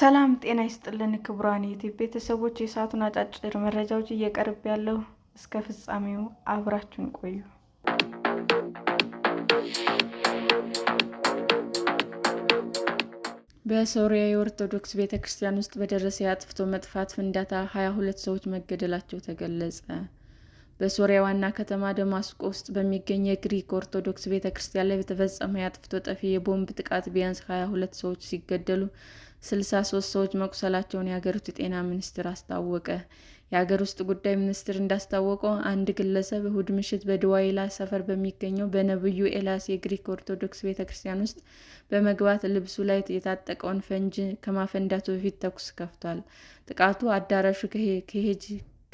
ሰላም ጤና ይስጥልን ክቡራን ዩቲዩብ ቤተሰቦች፣ የሰዓቱን አጫጭር መረጃዎች እየቀርብ ያለው እስከ ፍጻሜው አብራችሁን ቆዩ። በሶሪያ የኦርቶዶክስ ቤተ ክርስቲያን ውስጥ በደረሰ የአጥፍቶ መጥፋት ፍንዳታ ሀያ ሁለት ሰዎች መገደላቸው ተገለጸ። በሶሪያ ዋና ከተማ ደማስቆ ውስጥ በሚገኝ የግሪክ ኦርቶዶክስ ቤተ ክርስቲያን ላይ በተፈጸመ የአጥፍቶ ጠፊ የቦምብ ጥቃት ቢያንስ ሀያ ሁለት ሰዎች ሲገደሉ ስልሳ ሶስት ሰዎች መቁሰላቸውን የሀገሪቱ ጤና ሚኒስቴር አስታወቀ። የሀገር ውስጥ ጉዳይ ሚኒስቴር እንዳስታወቀው አንድ ግለሰብ እሁድ ምሽት በድዋይላ ሰፈር በሚገኘው በነብዩ ኤልያስ የግሪክ ኦርቶዶክስ ቤተ ክርስቲያን ውስጥ በመግባት ልብሱ ላይ የታጠቀውን ፈንጂ ከማፈንዳቱ በፊት ተኩስ ከፍቷል። ጥቃቱ አዳራሹ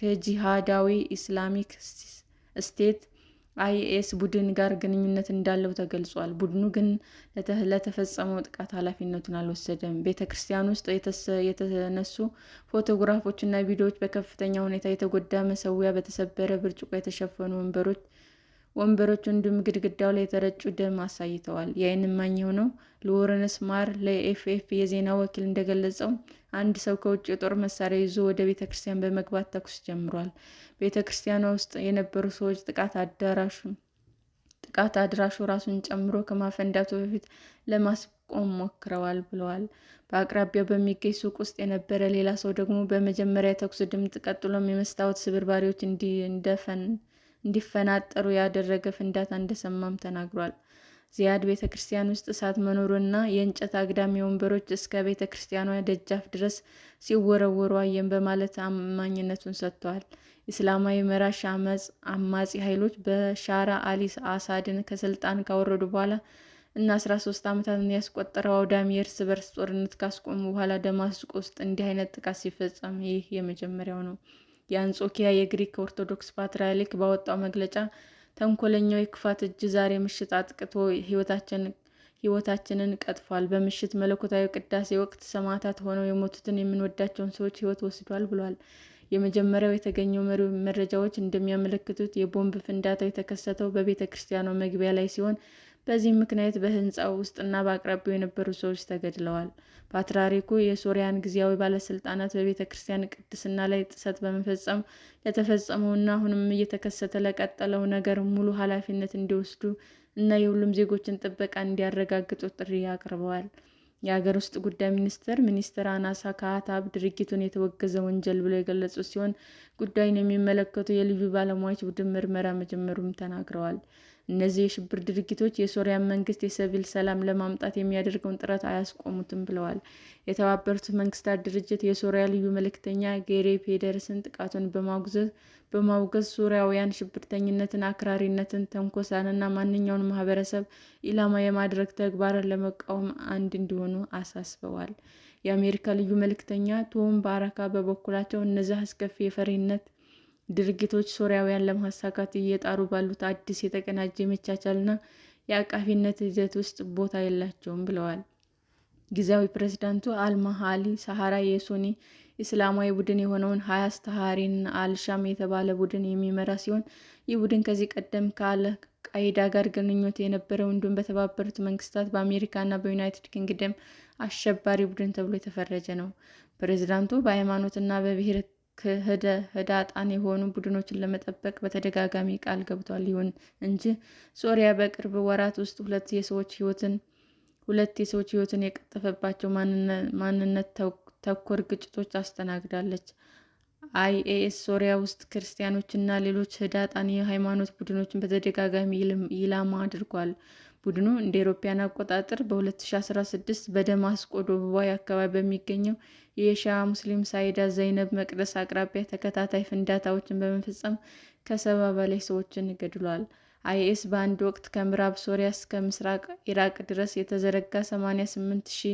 ከጂሃዳዊ ኢስላሚክ ስቴት አይኤስ ቡድን ጋር ግንኙነት እንዳለው ተገልጿል። ቡድኑ ግን ለተፈጸመው ጥቃት ኃላፊነቱን አልወሰደም። ቤተ ክርስቲያን ውስጥ የተነሱ ፎቶግራፎችና ቪዲዮዎች በከፍተኛ ሁኔታ የተጎዳ መሰዊያ፣ በተሰበረ ብርጭቆ የተሸፈኑ ወንበሮች ወንበሮቹ እንዲሁም ግድግዳው ላይ የተረጩ ደም አሳይተዋል። የዓይን እማኝ የሆነው ሎረንስ ማር ለኤኤፍፒ የዜና ወኪል እንደገለጸው አንድ ሰው ከውጭ የጦር መሳሪያ ይዞ ወደ ቤተ ክርስቲያን በመግባት ተኩስ ጀምሯል። ቤተ ክርስቲያኗ ውስጥ የነበሩ ሰዎች ጥቃት አድራሹ ራሱን ጨምሮ ከማፈንዳቱ በፊት ለማስቆም ሞክረዋል ብለዋል። በአቅራቢያው በሚገኝ ሱቅ ውስጥ የነበረ ሌላ ሰው ደግሞ በመጀመሪያ የተኩስ ድምፅ፣ ቀጥሎም የመስታወት ስብርባሪዎች እንዲፈናጠሩ ያደረገ ፍንዳታ እንደሰማም ተናግሯል። ዚያድ ቤተ ክርስቲያን ውስጥ እሳት መኖሩና የእንጨት አግዳሚ ወንበሮች እስከ ቤተ ክርስቲያኗ ደጃፍ ድረስ ሲወረወሩ አየን በማለት አማኝነቱን ሰጥተዋል። እስላማዊ መራሽ አማጺ ኃይሎች በሻራ አሊ አሳድን ከስልጣን ካወረዱ በኋላ እና አስራ ሶስት ዓመታትን ያስቆጠረው አውዳሚ የእርስ በርስ ጦርነት ካስቆሙ በኋላ ደማስቆ ውስጥ እንዲህ አይነት ጥቃት ሲፈጸም ይህ የመጀመሪያው ነው። የአንጾኪያ የግሪክ ኦርቶዶክስ ፓትርያርክ ባወጣው መግለጫ ተንኮለኛው የክፋት እጅ ዛሬ ምሽት አጥቅቶ ሕይወታችንን ቀጥፏል። በምሽት መለኮታዊ ቅዳሴ ወቅት ሰማዕታት ሆነው የሞቱትን የምንወዳቸውን ሰዎች ሕይወት ወስዷል ብሏል። የመጀመሪያው የተገኘው መረጃዎች እንደሚያመለክቱት የቦምብ ፍንዳታው የተከሰተው በቤተ ክርስቲያኗ መግቢያ ላይ ሲሆን በዚህም ምክንያት በሕንፃው ውስጥና በአቅራቢያው የነበሩ ሰዎች ተገድለዋል። ፓትርያርኩ የሶሪያን ጊዜያዊ ባለስልጣናት በቤተ ክርስቲያን ቅድስና ላይ ጥሰት በመፈጸም ለተፈጸመውና አሁንም እየተከሰተ ለቀጠለው ነገር ሙሉ ኃላፊነት እንዲወስዱ እና የሁሉም ዜጎችን ጥበቃ እንዲያረጋግጡ ጥሪ አቅርበዋል። የሀገር ውስጥ ጉዳይ ሚኒስቴር ሚኒስትር አናሳ ካህታብ ድርጊቱን የተወገዘ ወንጀል ብለው የገለጹ ሲሆን ጉዳዩን የሚመለከቱ የልዩ ባለሙያዎች ቡድን ምርመራ መጀመሩም ተናግረዋል። እነዚህ የሽብር ድርጊቶች የሶሪያ መንግስት የሲቪል ሰላም ለማምጣት የሚያደርገውን ጥረት አያስቆሙትም ብለዋል። የተባበሩት መንግስታት ድርጅት የሶሪያ ልዩ መልእክተኛ ጌሬ ፌደርስን ጥቃቱን በማውገዝ ሶሪያውያን ሽብርተኝነትን፣ አክራሪነትን፣ ተንኮሳንና ማንኛውን ማህበረሰብ ኢላማ የማድረግ ተግባርን ለመቃወም አንድ እንዲሆኑ አሳስበዋል። የአሜሪካ ልዩ መልእክተኛ ቶም ባረካ በበኩላቸው እነዚህ አስከፊ የፈሪነት ድርጊቶች ሶሪያውያን ለማሳካት እየጣሩ ባሉት አዲስ የተቀናጀ የመቻቻልና የአቃፊነት ሂደት ውስጥ ቦታ የላቸውም ብለዋል። ጊዜያዊ ፕሬዝዳንቱ አልማሃሊ ሳሃራ የሶኒ የሱኒ እስላማዊ ቡድን የሆነውን ሀያስ ታህሪር አልሻም የተባለ ቡድን የሚመራ ሲሆን ይህ ቡድን ከዚህ ቀደም ቃይዳ ጋር ግንኙነት የነበረው እንዲሁም በተባበሩት መንግስታት፣ በአሜሪካ በዩናይትድ ኪንግደም አሸባሪ ቡድን ተብሎ የተፈረጀ ነው። ፕሬዚዳንቱ በሃይማኖት እና በብሔር ከህዳጣን የሆኑ ቡድኖችን ለመጠበቅ በተደጋጋሚ ቃል ገብቷል። ይሁን እንጂ ሶሪያ በቅርብ ወራት ውስጥ ሁለት የሰዎች ህይወትን ሁለት የሰዎች ህይወትን የቀጠፈባቸው ማንነት ተኮር ግጭቶች አስተናግዳለች። አይኤስ ሶሪያ ውስጥ ክርስቲያኖችና ሌሎች ህዳጣን የሃይማኖት ቡድኖችን በተደጋጋሚ ኢላማ አድርጓል። ቡድኑ እንደ አውሮፓውያን አቆጣጠር በ2016 በደማስቆ ደቡባዊ አካባቢ በሚገኘው የሺዓ ሙስሊም ሳይዳ ዘይነብ መቅደስ አቅራቢያ ተከታታይ ፍንዳታዎችን በመፈጸም ከሰባ በላይ ሰዎችን ገድሏል። አይኤስ በአንድ ወቅት ከምዕራብ ሶሪያ እስከ ምስራቅ ኢራቅ ድረስ የተዘረጋ 88,000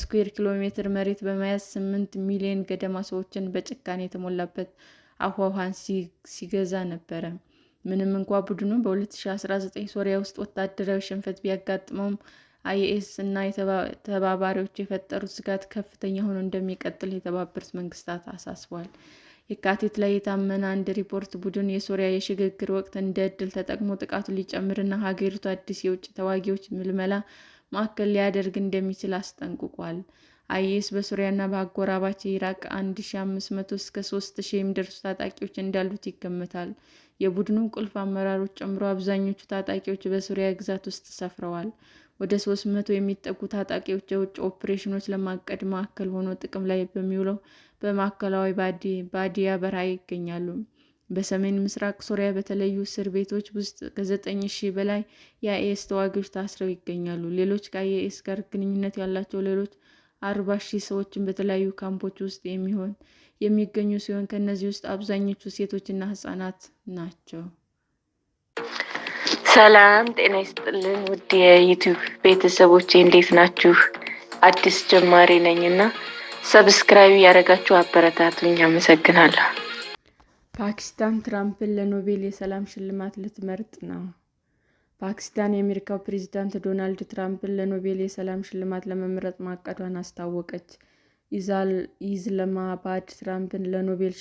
ስኩዌር ኪሎ ሜትር መሬት በመያዝ 8 ሚሊዮን ገደማ ሰዎችን በጭካኔ የተሞላበት አውሃዋን ሲገዛ ነበረ። ምንም እንኳ ቡድኑ በ2019 ሶሪያ ውስጥ ወታደራዊ ሽንፈት ቢያጋጥመውም፣ አይኤስ እና ተባባሪዎች የፈጠሩት ስጋት ከፍተኛ ሆኖ እንደሚቀጥል የተባበሩት መንግስታት አሳስቧል። የካቲት ላይ የታመነ አንድ ሪፖርት ቡድን የሶሪያ የሽግግር ወቅት እንደ እድል ተጠቅሞ ሊጨምር ሊጨምርና ሀገሪቱ አዲስ የውጭ ተዋጊዎች ምልመላ ማዕከል ሊያደርግ እንደሚችል አስጠንቅቋል። አይኤስ በሱሪያና በአጎራባች ኢራቅ 1500 እስከ 3000 የሚደርሱ ታጣቂዎች እንዳሉት ይገመታል። የቡድኑ ቁልፍ አመራሮች ጨምሮ አብዛኞቹ ታጣቂዎች በሱሪያ ግዛት ውስጥ ሰፍረዋል። ወደ 300 የሚጠጉ ታጣቂዎች የውጭ ኦፕሬሽኖች ለማቀድ ማዕከል ሆኖ ጥቅም ላይ በሚውለው በማዕከላዊ ባዲያ በረሃ ይገኛሉ። በሰሜን ምስራቅ ሱሪያ በተለዩ እስር ቤቶች ውስጥ ከዘጠኝ ሺህ በላይ የአይኤስ ተዋጊዎች ታስረው ይገኛሉ። ሌሎች ከአይኤስ ጋር ግንኙነት ያላቸው ሌሎች አርባ ሺህ ሰዎችን በተለያዩ ካምፖች ውስጥ የሚሆን የሚገኙ ሲሆን ከእነዚህ ውስጥ አብዛኞቹ ሴቶችና ህጻናት ናቸው። ሰላም ጤና ይስጥልን ውድ የዩቲዩብ ቤተሰቦች እንዴት ናችሁ? አዲስ ጀማሪ ነኝ እና ሰብስክራይብ ያደረጋችሁ አበረታቱኝ። አመሰግናለሁ። ፓኪስታን ትራምፕን ለኖቤል የሰላም ሽልማት ልትመርጥ ነው። ፓኪስታን የአሜሪካው ፕሬዝዳንት ዶናልድ ትራምፕን ለኖቤል የሰላም ሽልማት ለመምረጥ ማቀዷን አስታወቀች። ኢዝላማባድ ትራምፕን ለኖቤል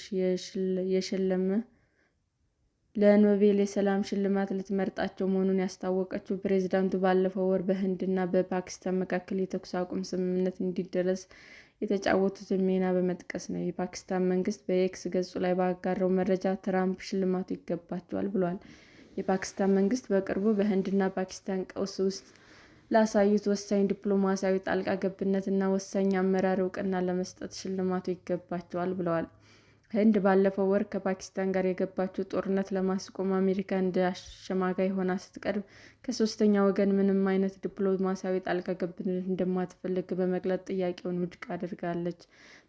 የሰላም ሽልማት ልትመርጣቸው መሆኑን ያስታወቀችው ፕሬዝዳንቱ ባለፈው ወር በህንድና በፓኪስታን መካከል የተኩስ አቁም ስምምነት እንዲደረስ የተጫወቱትን ሚና በመጥቀስ ነው። የፓኪስታን መንግስት በኤክስ ገጹ ላይ ባጋራው መረጃ ትራምፕ ሽልማቱ ይገባቸዋል ብሏል። የፓኪስታን መንግስት በቅርቡ በህንድና ፓኪስታን ቀውስ ውስጥ ላሳዩት ወሳኝ ዲፕሎማሲያዊ ጣልቃ ገብነት እና ወሳኝ አመራር እውቅና ለመስጠት ሽልማቱ ይገባቸዋል ብለዋል። ህንድ ባለፈው ወር ከፓኪስታን ጋር የገባችው ጦርነት ለማስቆም አሜሪካ እንደ አሸማጋይ ሆና ስትቀርብ፣ ከሶስተኛ ወገን ምንም አይነት ዲፕሎማሲያዊ ጣልቃ ገብነት እንደማትፈልግ በመግለጽ ጥያቄውን ውድቅ አድርጋለች።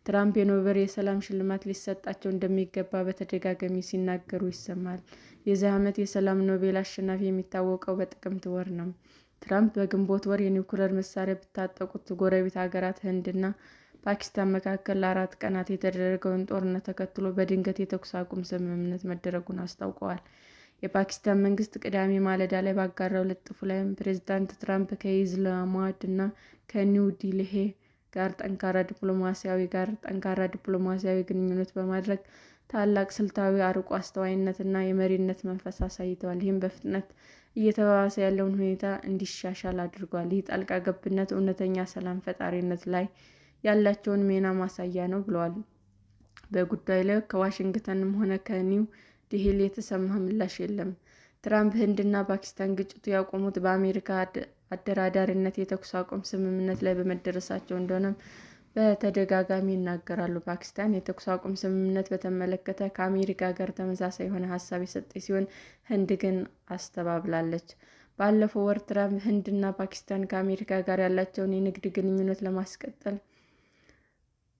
ትራምፕ የኖቤል የሰላም ሽልማት ሊሰጣቸው እንደሚገባ በተደጋጋሚ ሲናገሩ ይሰማል። የዚህ ዓመት የሰላም ኖቤል አሸናፊ የሚታወቀው በጥቅምት ወር ነው። ትራምፕ በግንቦት ወር የኒውክለር መሳሪያ ብታጠቁት ጎረቤት ሀገራት ህንድና ፓኪስታን መካከል ለአራት ቀናት የተደረገውን ጦርነት ተከትሎ በድንገት የተኩስ አቁም ስምምነት መደረጉን አስታውቀዋል። የፓኪስታን መንግስት ቅዳሜ ማለዳ ላይ ባጋራው ልጥፉ ላይም ፕሬዝዳንት ትራምፕ ከኢስላማባድ እና ከኒው ዲልሄ ጋር ጠንካራ ዲፕሎማሲያዊ ጋር ጠንካራ ዲፕሎማሲያዊ ግንኙነት በማድረግ ታላቅ ስልታዊ አርቆ አስተዋይነት እና የመሪነት መንፈስ አሳይተዋል። ይህም በፍጥነት እየተባባሰ ያለውን ሁኔታ እንዲሻሻል አድርጓል። ይህ ጣልቃ ገብነት እውነተኛ ሰላም ፈጣሪነት ላይ ያላቸውን ሚና ማሳያ ነው ብለዋል። በጉዳዩ ላይ ከዋሽንግተንም ሆነ ከኒው ዴልሂ የተሰማ ምላሽ የለም። ትራምፕ ህንድና ፓኪስታን ግጭቱ ያቆሙት በአሜሪካ አደራዳሪነት የተኩስ አቁም ስምምነት ላይ በመደረሳቸው እንደሆነም በተደጋጋሚ ይናገራሉ። ፓኪስታን የተኩስ አቁም ስምምነት በተመለከተ ከአሜሪካ ጋር ተመሳሳይ የሆነ ሀሳብ የሰጠ ሲሆን ህንድ ግን አስተባብላለች። ባለፈው ወር ትራምፕ ህንድና ፓኪስታን ከአሜሪካ ጋር ያላቸውን የንግድ ግንኙነት ለማስቀጠል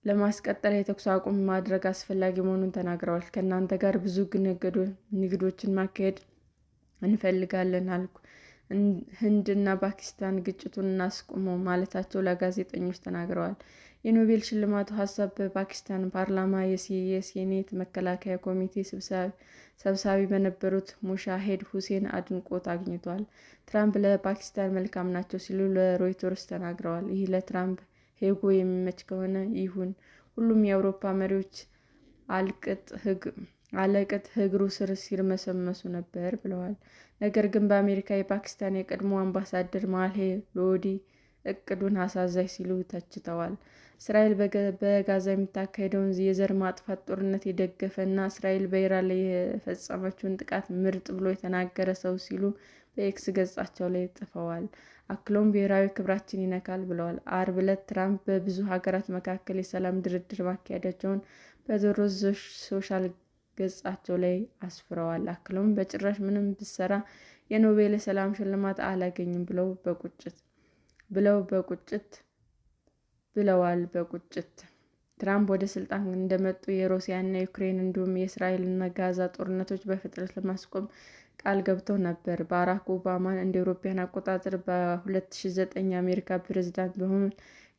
ለማስቀጠል የተኩስ አቁም ማድረግ አስፈላጊ መሆኑን ተናግረዋል። ከእናንተ ጋር ብዙ ንግዶችን ማካሄድ እንፈልጋለን አልኩ። ህንድና ፓኪስታን ግጭቱን እናስቁመው ማለታቸው ለጋዜጠኞች ተናግረዋል። የኖቤል ሽልማቱ ሀሳብ በፓኪስታን ፓርላማ የሴኔት መከላከያ ኮሚቴ ሰብሳቢ በነበሩት ሙሻሄድ ሁሴን አድንቆት አግኝቷል። ትራምፕ ለፓኪስታን መልካም ናቸው ሲሉ ለሮይተርስ ተናግረዋል። ይህ ለትራምፕ ሄጎ የሚመች ከሆነ ይሁን። ሁሉም የአውሮፓ መሪዎች አለቅጥ እግሩ ስር ሲርመሰመሱ ነበር ብለዋል። ነገር ግን በአሜሪካ የፓኪስታን የቀድሞ አምባሳደር ማልሄ ሎዲ እቅዱን አሳዛኝ ሲሉ ተችተዋል። እስራኤል በጋዛ የምታካሄደውን የዘር ማጥፋት ጦርነት የደገፈ እና እስራኤል በኢራን ላይ የፈጸመችውን ጥቃት ምርጥ ብሎ የተናገረ ሰው ሲሉ በኤክስ ገጻቸው ላይ ጽፈዋል። አክሎም ብሔራዊ ክብራችን ይነካል ብለዋል። ዓርብ ዕለት ትራምፕ በብዙ ሀገራት መካከል የሰላም ድርድር ማካሄዳቸውን በዞሮ ሶሻል ገጻቸው ላይ አስፍረዋል። አክሎም በጭራሽ ምንም ብሰራ የኖቤል የሰላም ሽልማት አላገኝም ብለው በቁጭት ብለው በቁጭት ብለዋል በቁጭት ትራምፕ ወደ ስልጣን እንደመጡ የሩሲያና ዩክሬን እንዲሁም የእስራኤልና ጋዛ ጦርነቶች በፍጥነት ለማስቆም ቃል ገብተው ነበር። ባራክ ኦባማን እንደ አውሮፓውያን አቆጣጠር በ2009 የአሜሪካ ፕሬዝዳንት በመሆን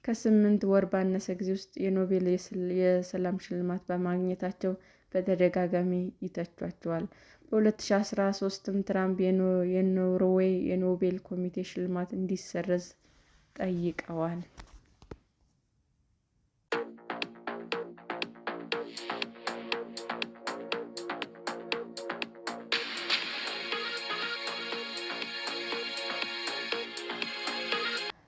ከስምንት ወር ባነሰ ጊዜ ውስጥ የኖቤል የሰላም ሽልማት በማግኘታቸው በተደጋጋሚ ይተቿቸዋል። በ2013ም ትራምፕ የኖርዌይ የኖቤል ኮሚቴ ሽልማት እንዲሰረዝ ጠይቀዋል።